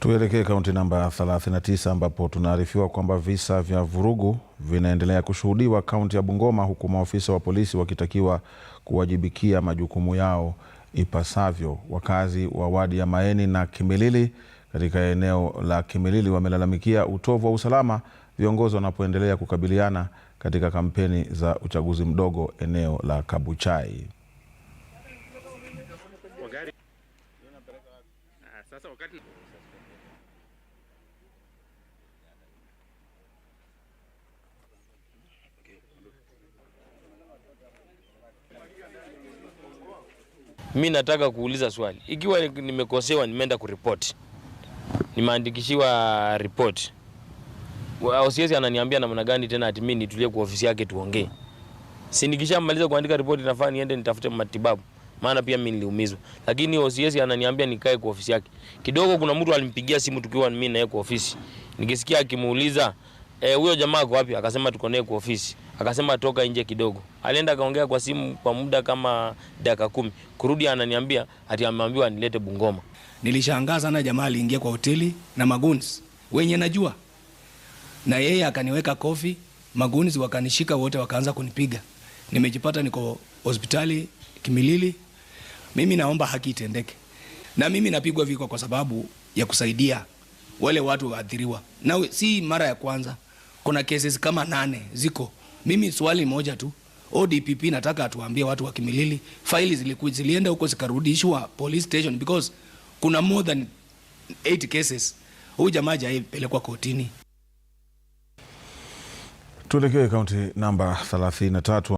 Tuelekee kaunti namba 39 ambapo tunaarifiwa kwamba visa vya vurugu vinaendelea kushuhudiwa kaunti ya Bungoma, huku maafisa wa polisi wakitakiwa kuwajibikia majukumu yao ipasavyo. Wakazi wa wadi ya Maeni na Kimilili katika eneo la Kimilili wamelalamikia utovu wa usalama viongozi wanapoendelea kukabiliana katika kampeni za uchaguzi mdogo eneo la Kabuchai. Ah, sasa wakati mi nataka kuuliza swali, ikiwa nimekosewa, nimeenda kuripoti, nimeandikishiwa ripoti, OCS ananiambia namna gani tena ati mimi nitulie kwa ofisi yake tuongee? Si nikishamaliza kuandika ripoti, nafaa niende nitafute matibabu maana pia mimi niliumizwa, lakini OCS ananiambia nikae kwa ofisi yake kidogo. Kuna mtu alimpigia simu tukiwa mimi na yeye kwa ofisi, nikisikia akimuuliza eh, huyo jamaa ako wapi? Akasema tuko naye kwa ofisi, akasema toka nje kidogo. Alienda akaongea kwa simu kwa muda kama dakika kumi, kurudi ananiambia ati ameambiwa nilete Bungoma. Nilishangaa sana, jamaa aliingia kwa hoteli na maguns wenye najua, na yeye akaniweka kofi, maguns wakanishika wote, wakaanza kunipiga. Nimejipata niko hospitali Kimilili. Mimi naomba haki itendeke, na mimi napigwa vikwa kwa sababu ya kusaidia wale watu waathiriwa, na si mara ya kwanza. Kuna cases kama nane ziko. Mimi swali moja tu, ODPP nataka atuambie watu wa Kimilili, faili zilikuwa zilienda huko zikarudishwa police station because kuna more than 8 cases. Huyu jamaa jaipelekwa kotini. Tuelekee kaunti namba 33.